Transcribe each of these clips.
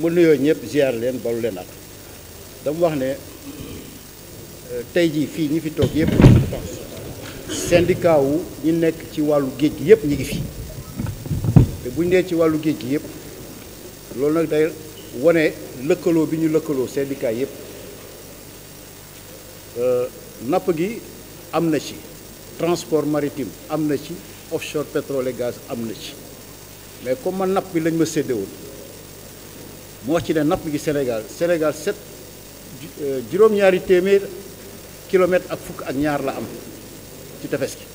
mu nuyoo ñëpp ziar leen balu leen ak dama wax ne euh, tey jii fii ñi fi toog yëpp syndicat wu ñi nekk ci wàllu géej gi yëpp ñi ngi fi te bu ñu nee ci wàllu géej gi yépp loolu nag day wane lëkkaloo bi ñu lëkkaloo syndicat yépp euh, napp gi am na ci transport maritime am na ci offshore pétrole et gaz am na ci mais comme ma napp bi lañ ma séddewoon mu wax ci ne napp gi Sénégal Sénégal set euh, juróom-ñaari téeméer kilomètre ak fukk ak ñaar la am ci tefes gi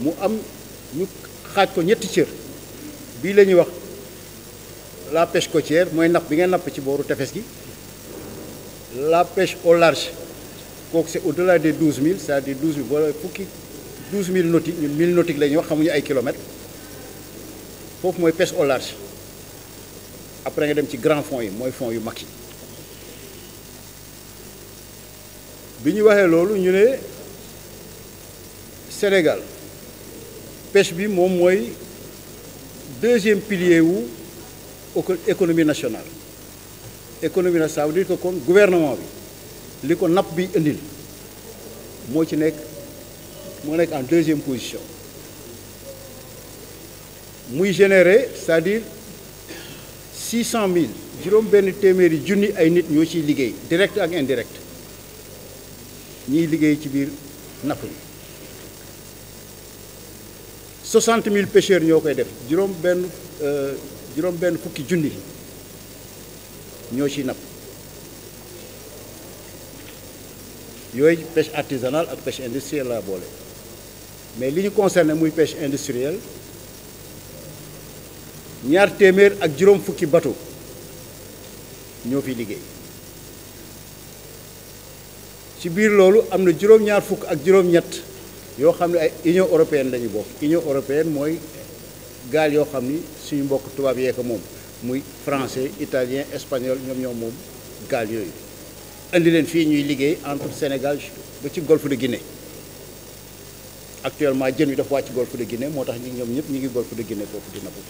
mu am ñu xaaj ko ñetti cër bii la ñuy wax la pêche côtière mooy napp bi ngay napp ci booru tefes gi la pêche au kooku c'est au-delà des 12000 c'est-à-dire 12000 wala fukki 12000 nautiques ñun 1000 nautiques la ñuy wax xamuñu ay kilomètres foofu mooy pêche au large après nga dem ci grand fonds yi mooy fonds yu mag yi bi ñu waxee loolu ñu ne Sénégal pêche bi moom mooy deuxième pilier wu économie nationale économie nationale ça veut dire que kon gouvernement bi li ko napp bi indil moo ci nekk moo nekk en deuxième position muy générer c'est-à-dire six cent mille juróom benn téeméeri junni ay nit ñoo ciy liggéey direct ak indirect ñiy liggéey ci biir napp yi soixante mille pêcheurs ñoo koy def juróom benn euh, juróom benn fukki junni ñoo ciy napp yooyu pêche artisanale ak pêche industrielle laa boole mais li ñu concerné muy pêche industrielle ñaar téeméer ak juróom fukki bateau ñoo fi liggéey ci biir loolu am na juróom-ñaar fukk ak juróom-ñett yoo xam ne ay union européenne la ñu bokk union européenne mooy gaal yoo xam ni suñu mbokk tubaab yee ko moom muy français italien espagnol ñoom ñoom moom gaal yooyu indi leen fii ñuy liggéey entre Sénégal ba ci golfe de Guinée actuellement jën wi dafa wàcc golfe de Guinée moo tax ñi ñoom ñëpp ñu ngi golfe de Guinée foofu dina ko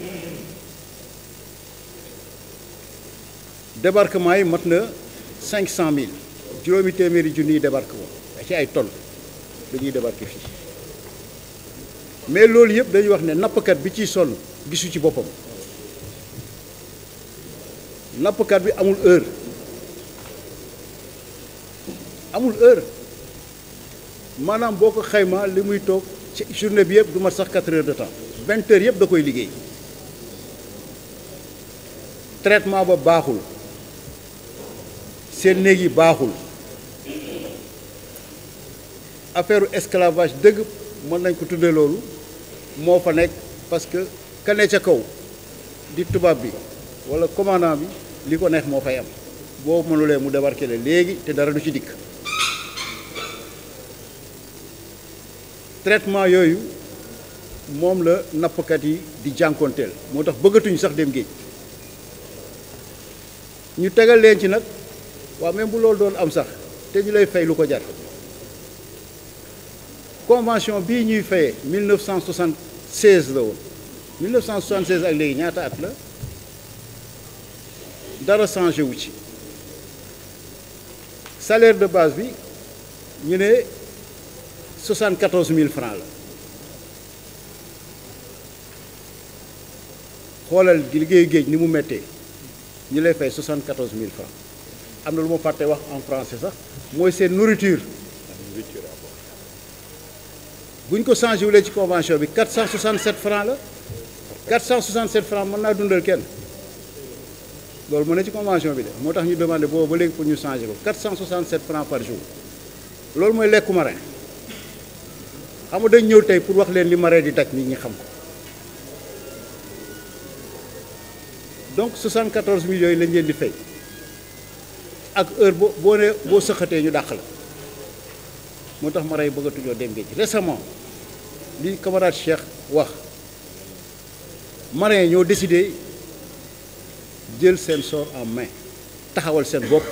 débarquement yi mat na cinq cent mille juróomi téeméeri junniy débarquement ci ay tonnes dañuy débarqué fii mais loolu yëpp dañuy wax ne nappkat bi ciy sonn gisu ci boppam nappkat bi amul heure amul heure maanaam boo ko xaymaa li muy toog ci journée bi yëpp du mat sax 4 heures de temps 20 heures da koy liggéey traitement ba baaxul seen néeg yi baaxul affaire esclavage dëgg mën nañ ko tuddee loolu moo fa nekk parce que ka ca kaw di tubaab bi walla commandant bi li ko neex moo fay am boo mënulee mu débarquer la léegi te dara du ci dikk traitement yooyu moom la nappkat yi di jànkonteel moo tax bëggatuñu sax dem géej ñu tegal leen ci nag waaw même bu loolu doon am sax te ñu lay fay lu ko jar convention bii ñuy fayee 1976 la woon 1976 ak léegi ñaata at la dara changé wu ci salaire de base bi ñu ne. 74 mille francs la xoolal liggéeyu géej ni mu méttee ñu lay fay 74 000 francs am na lu ma fàtte wax en français sax mooy seen nourriture bu ñu ko changé wulee ci convention bi 467 francs la 467 francs mën naa dundal kenn loolu mu ne ci convention bi de moo tax ñu demande boobu ba léegi pour ñu changé ko 467 francs par jour loolu mooy lekku marin xam nga dañ ñëw tey pour wax leen li maree di daj nit ñi xam ko donc 74 millions yooyu lañ leen di fay ak heure boo boo nee boo sëqatee ñu dàq la moo tax mara yi bëggatuñoo dem géej récemment li camarade Cheikh wax marins ñoo décidé jël seen sort en main taxawal seen bopp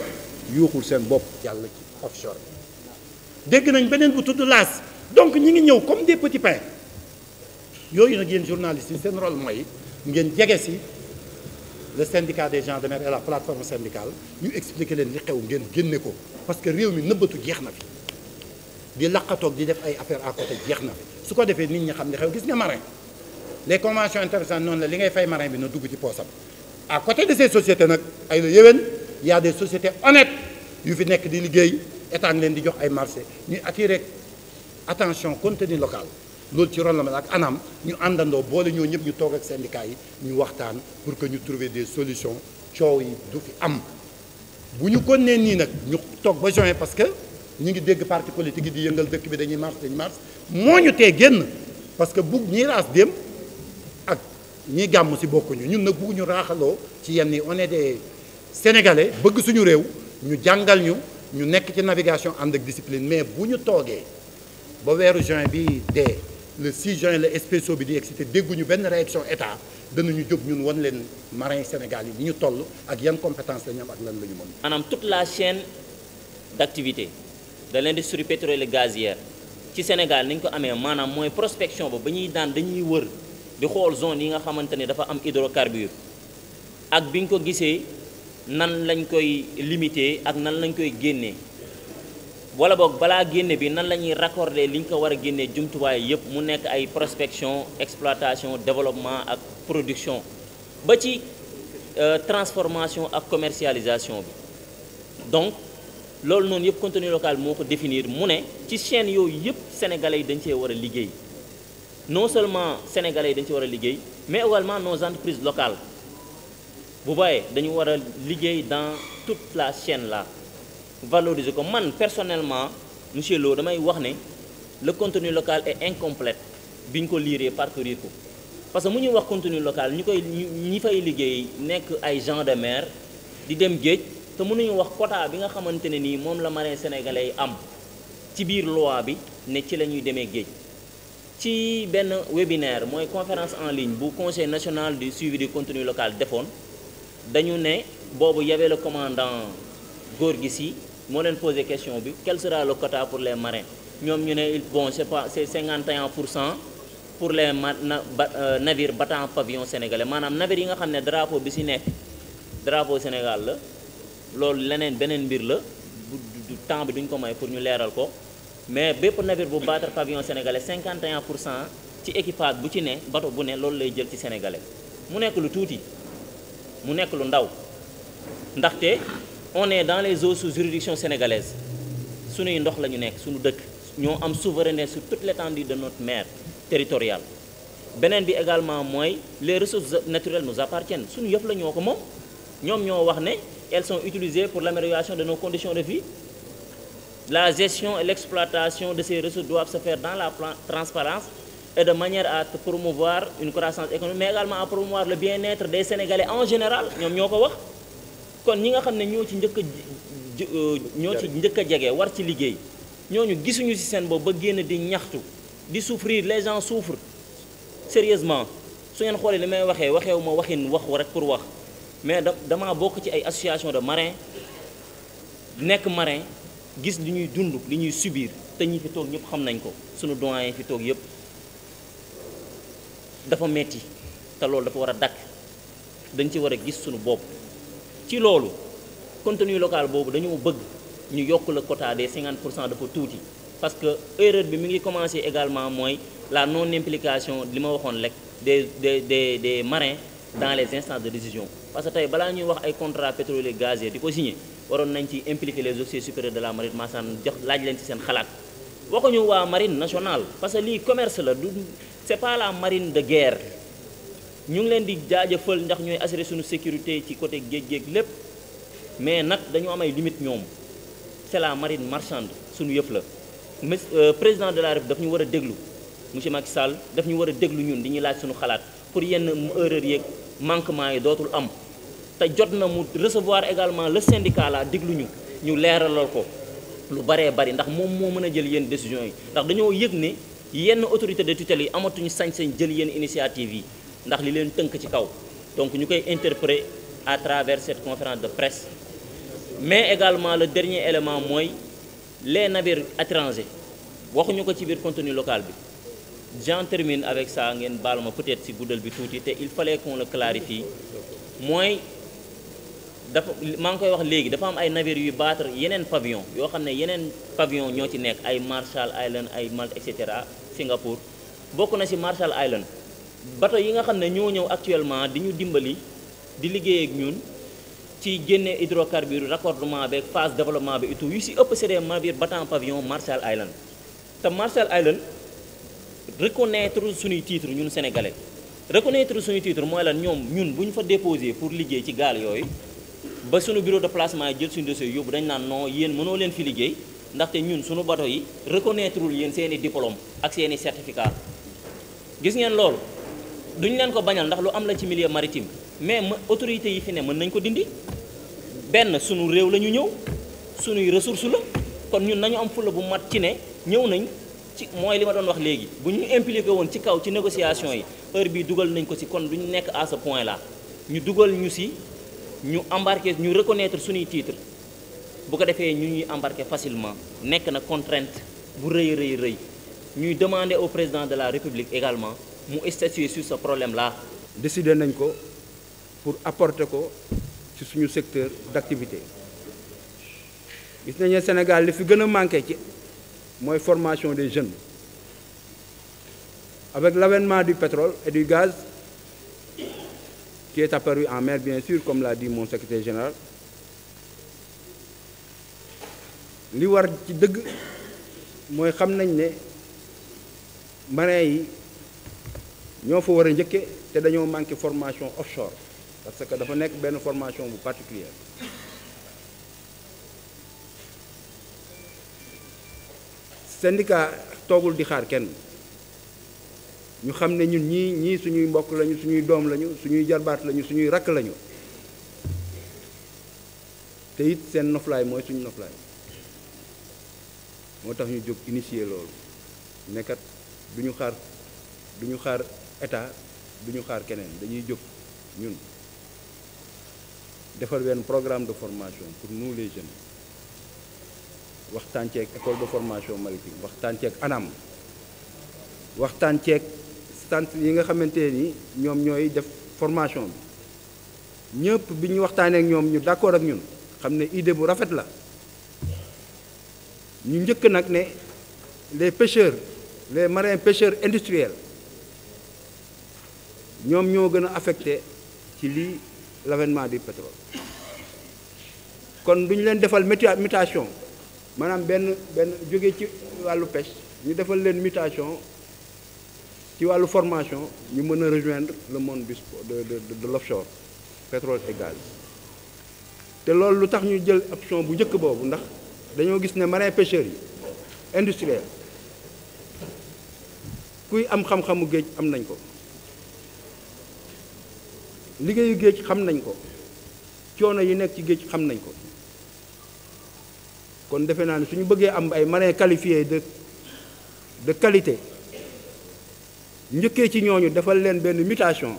yuuxul seen bopp. yàlla ci offshore dégg nañ beneen bu tudd laas. donc ñi ngi ñëw comme des petits pains yooyu nag yéen journalistes seen rôle mooy ngeen jege si le syndicat des gendarmes et la plateforme syndicale ñu expliquer leen li xew ngeen génne ko parce que réew mi nëbbatu jeex na fi di laqatoog di def ay affaire à côté jeex na fi su ko defee nit ñi xam ne xew gis nga marin les conventions intéressantes noonu la li ngay fay marin bi na dugg ci poosam à côté de ces sociétés nag ay la yéwén y a des sociétés honnêtes yu fi nekk di liggéey état leen di jox ay marché ñuy attirer attention contenu local loolu ci ron la ak anaam ñu àndandoo boole ñoo ñëpp ñu toog ak syndicat yi ñu waxtaan pour que ñu trouver des solutions coow yi du fi am bu ñu kon nee nii nag ñu toog ba juin parce que ñu ngi dégg parti politique yi di yëngal dëkk bi dañuy marche dañuy marche moo ñu tee génn parce que bug ñi raas dem ak ñi gàmm si bokkuñu ñun nag bugg ñu raaxaloo ci yenn yi on est bëgg suñu réew ñu jàngal ñu ñu nekk ci navigation ànd ak mais bu ñu toogee ba weeru juin bi dee le 6 juin la Expresso bi di excité dégguñu benn réaction état danañu jóg ñun wan leen marin Sénégal yi ni ñu toll ak yan compétence la ñu am ak lan la ñu mën. maanaam toute la chaîne d'activité de l'industrie pétrolière et gazière ci Sénégal ni ñu ko amee maanaam mooy prospection ba ba ñuy daan dañuy wër di xool zone yi nga xamante ne dafa am hydrocarbure ak bi ñu ko gisee nan lañ koy limiter ak nan lañ koy génnee. wala boog balaa génne bi nan la ñuy raccorder li ñu ko war a génnee jumtuwaay yëpp mu nekk ay prospection exploitation développement ak production ba ci euh, transformation ak commercialisation bi donc loolu noonu yëpp contenu locale moo ko définir mu ne ci chaîne yooyu yëpp sénégalais yi dañ cee war a liggéey non seulement sénégalais yi dañ ci war a liggéey mais également nos entreprises locale bu voyez dañu war a liggéey dans tout la chaîne la valoriser ko man personnellement monsieur Lo damay wax ni le contenu locale est incomplet bi ñu ko liiree parcourir ko parce que mu ñuy wax contenu locale ñu koy ñi fay liggéey nekk ay gens de mer di dem géej te mënuñu wax quota bi nga xamante ne nii moom la marin sénégalais am ci biir loi bi ne ci la ñuy demee géej ci benn webinaire mooy conférence en ligne bu conseil national du suivi du contenu local defoon dañu ne boobu y avait le commandant Gorgui Sy moo leen posé question bi quel sera le pour les marins ñoom ñu ne bon c'est pas c'est 51 pour cent pour les ma euh, navires battant pavillon sénégalais maanaam navire yi nga xam ne drapeau bi ci ne drapeau Sénégal la loolu leneen beneen mbir la bu temps bi duñ ko may pour ñu leeral ko mais bépp navire bu battre pavillon cinquante 51 pour cent ci équipage bu ci ne bato bu ne loolu lay jël ci sénégalais mu nekk lu tuuti mu nekk lu ndaw on est dans les eaux sous juridiction sénégalaise sunuy ndox lañu ñu nekk sunu dëkk ñoo am souveraineté sur toute l'étendue de notre mer territoriale beneen bi également mooy les ressources naturelles nous appartiennent suñu yëpp la ñoo ko moom ñoom ñoo wax ne elles sont utilisées pour l'amélioration de nos conditions de vie la gestion et l'exploitation de ces ressources doivent se faire dans la transparence et de manière à promouvoir une croissance économique mais également à promouvoir le bien-être des Sénégalais ñoom ñoo ko wax kon ñi nga xam ne ñoo ci njëkk a euh, ñoo ci njëkk a jege war ci liggéey ñooñu gisuñu ci seen bopp ba génn di ñaxtu di souffrir les gens souffrent sérieusement su ngeen xoolee li may waxee waxeewu ma waxin wax rek pour wax mais da damaa bokk ci ay association de marin nekk marin gis li ñuy dund li ñuy subir te ñi fi toog ñëpp xam nañ ko sunu doyen fi toog yëpp dafa metti te loolu dafa war a dakk dañ ci war a gis sunu bopp ci loolu contenu local boobu dañoo bëgg ñu yokk le quota des 50 pour cent dafa tuuti parce que erreur bi mi ngi commencé également mooy la non implication li ma waxoon rek des des des des marins dans les instances de décision parce que tey balaa ñuy wax ay contrat pétrolier gazier di ko signé waroon nañ ci impliquer les officiers supérieurs de la marine maanaam jox laaj leen ci seen xalaat waxuñu waa marine nationale parce que lii commerce la du c'est pas la marine de ñu ngi leen di jaajëfal ndax ñooy suñu sécurité ci côté géej-géej lépp mais nag dañu am ay limite ñoom c'est marine marchande suñu yëf la mais euh, président de la daf ñu war a déglu monsieur Macky Sall daf ñu war a déglu ñun di ñu suñu xalaat pour yenn erreur yeeg manquement yi dootul am te jot na mu recevoir également le syndicat déglu ñu ñu leeralal ko lu baree bari ndax moom moo mën a jël yenn décision yi ndax dañoo yëg ni yenn autorité de tutelle yi amatuñu sañ-sañ jël yenn initiative yi ndax li leen tënk ci kaw donc ñu koy interpréter à travers cette conférence de presse mais également la dernier élément mooy les navires étrangers waxuñu ko ci biir contenu local bi j'en termine avec ça ngeen baal ma peut-être si guddal bi tuuti te il fallait qu'on le clarifie mooy dafa maa ngi koy wax léegi dafa am ay navires yuy battre yeneen pavillon yoo xam ne yeneen pavillon ñoo ci nekk ay Marshall Island ay Malte et cetera Singapour bokk na ci Marshall Island bato yi nga xam ne ñoo ñëw actuellement di ñu dimbali di liggéey ak ñun ci génne hydrocarbure raccordement beeg phase développement bi et tout yu si ëpp c'est des navires battant pavillon Marshall Island te Marshall Island reconnaître suñuy titre ñun sénégalais reconnaître suñu titre mooy lan ñoom ñun bu ñu fa déposé pour liggéey ci gaal yooyu ba suñu bureau de placement yi jël suñu dossier yóbbu dañ naan non yéen mënoo leen fi liggéey ndaxte ñun suñu bato yi reconnaître wul yéen seen i ak seen i gis ngeen loolu duñ leen ko bañal ndax lu am la ci milieu maritim mais autorité yi fi ne mën nañ ko dindi benn sunu réew la ñu ñëw sunuy ressource la kon ñun nañu am fulla bu mat ci ne ñëw nañ ci mooy li ma doon wax léegi bu ñu impliqué woon ci kaw ci négociation yi heure bii dugal nañ ko si kon ñu nekk à ce point là ñu dugal ñu si ñu embarqué ñu reconnaître sunuy titre bu ko defee ñu ñuy embarqué facilement nekk na contrainte bu rëy rëy rëy ñuy demande au président de la république également mu statuer sur ce problème la décider nañ ko pour apporter ko ci suñu secteur d'activité gis nañu Sénégal li fi gën a manqué ci mooy formation des jeunes avec l'avènement du pétrole et du gaz qui est apparu en mer bien sûr comme l'a dit mon secrétaire général li war ci dëgg mooy xam nañ ne marins yi. ñoo fa war a njëkke te dañoo manqué formation offshore parce que dafa nekk benn formation bu particulière syndicat toogul di xaar kenn ñu xam ne ñun ñii ñii suñuy mbokk lañu suñuy doom lañu suñuy jarbaat lañu suñuy rakk lañu te it seen noflaay mooy suñu noflaay moo tax ñu jóg initier loolu nekkat du xaar duñu xaar état du ñu xaar keneen dañuy jóg ñun defal ween programme de formation pour nous les jeunes waxtaan ceeg école de formation maritime waxtaan ceeg anam waxtaan ceeg centre yi nga xamante ni ñoom ñooy def formation bi ñëpp bi ñu waxtaaneek ñoom ñu d'accord ak ñun xam ne idée bu rafet la ñu njëkk nag ne les pêcheurs les marins pêcheurs industriels ñoom ñoo gën a affecté ci lii l'avènement du pétrole kon du leen defal mutation maanaam benn benn jóge ci wàllu pêche ñu defal leen mutation ci wàllu formation ñu mën a rejoindre le monde du de de de l'offshore pétrole et te loolu lu tax ñu jël option bu njëkk boobu ndax dañoo gis ne marin pêcheurs yi industriels kuy am xam-xamu géej am nañ ko liggéeyu géej xam nañ ko coono yi nekk ci géej xam nañ ko kon defe naa ne suñu bëggee am ay marins qualifiés de de qualité njëkkee ci ñooñu defal leen benn mutation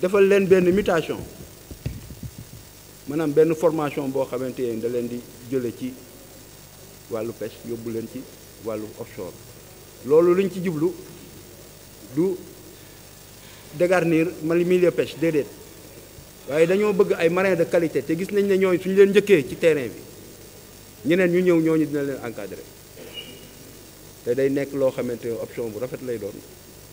defal leen benn mutation maanaam benn formation boo xamante ne leen di jële ci wàllu pêche yóbbu leen ci wàllu offshore loolu luñ ci jublu du dégarnir milieu pêche déedéet waaye dañoo bëgg ay marins de qualité te gis nañ ne ñooñu suñu leen njëkkee ci terrain bi ñeneen ñu ñëw ñooñu dina leen encadrer te day nekk loo xamante ne option bu rafet lay doon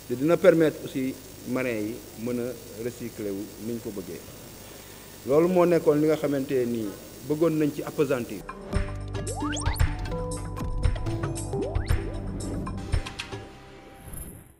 te dina permettre aussi marins yi mën a recycler wu ni ñu ko bëggee loolu moo nekkoon li nga xamante nii bëggoon nañ ci appesantir